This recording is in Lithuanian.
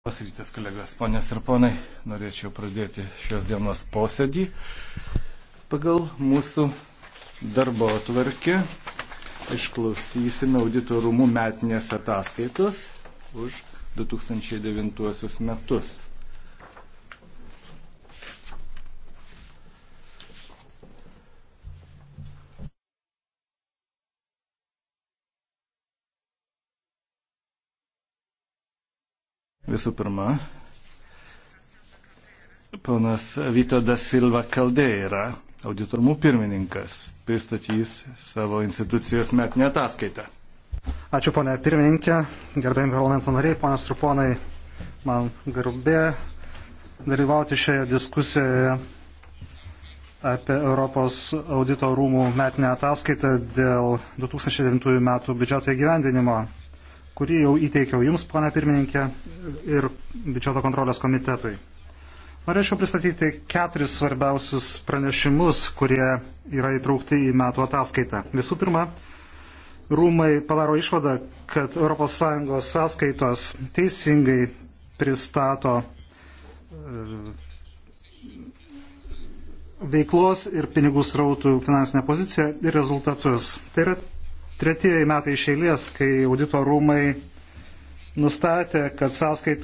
Labas rytas, kolegas, ponės ir ponai. Norėčiau pradėti šios dienos posėdį. Pagal mūsų darbo atvarkį išklausysime audito rūmų metinės ataskaitos už 2009 metus. Visų pirma, ponas Vytodas Silva Kaldeira, auditorumų pirmininkas, pristatys savo institucijos metinę ataskaitą. Ačiū, ponė pirmininkė, gerbėjim parlamento nariai, ponas ir ponai, man garbė dalyvauti šioje diskusijoje apie Europos audito rūmų metinę ataskaitą dėl 2009 metų biudžeto įgyvendinimo kurį jau įteikiau Jums, pana pirmininkė, ir biudžeto kontrolės komitetui. Norėčiau pristatyti keturis svarbiausius pranešimus, kurie yra įtraukti į metų ataskaitą. Visų pirma, rūmai padaro išvadą, kad ES sąskaitos teisingai pristato e, veiklos ir pinigų srautų finansinę poziciją ir rezultatus. Tai yra tretieji metai iš eilės, kai audito rūmai nustatė, kad sąskaitų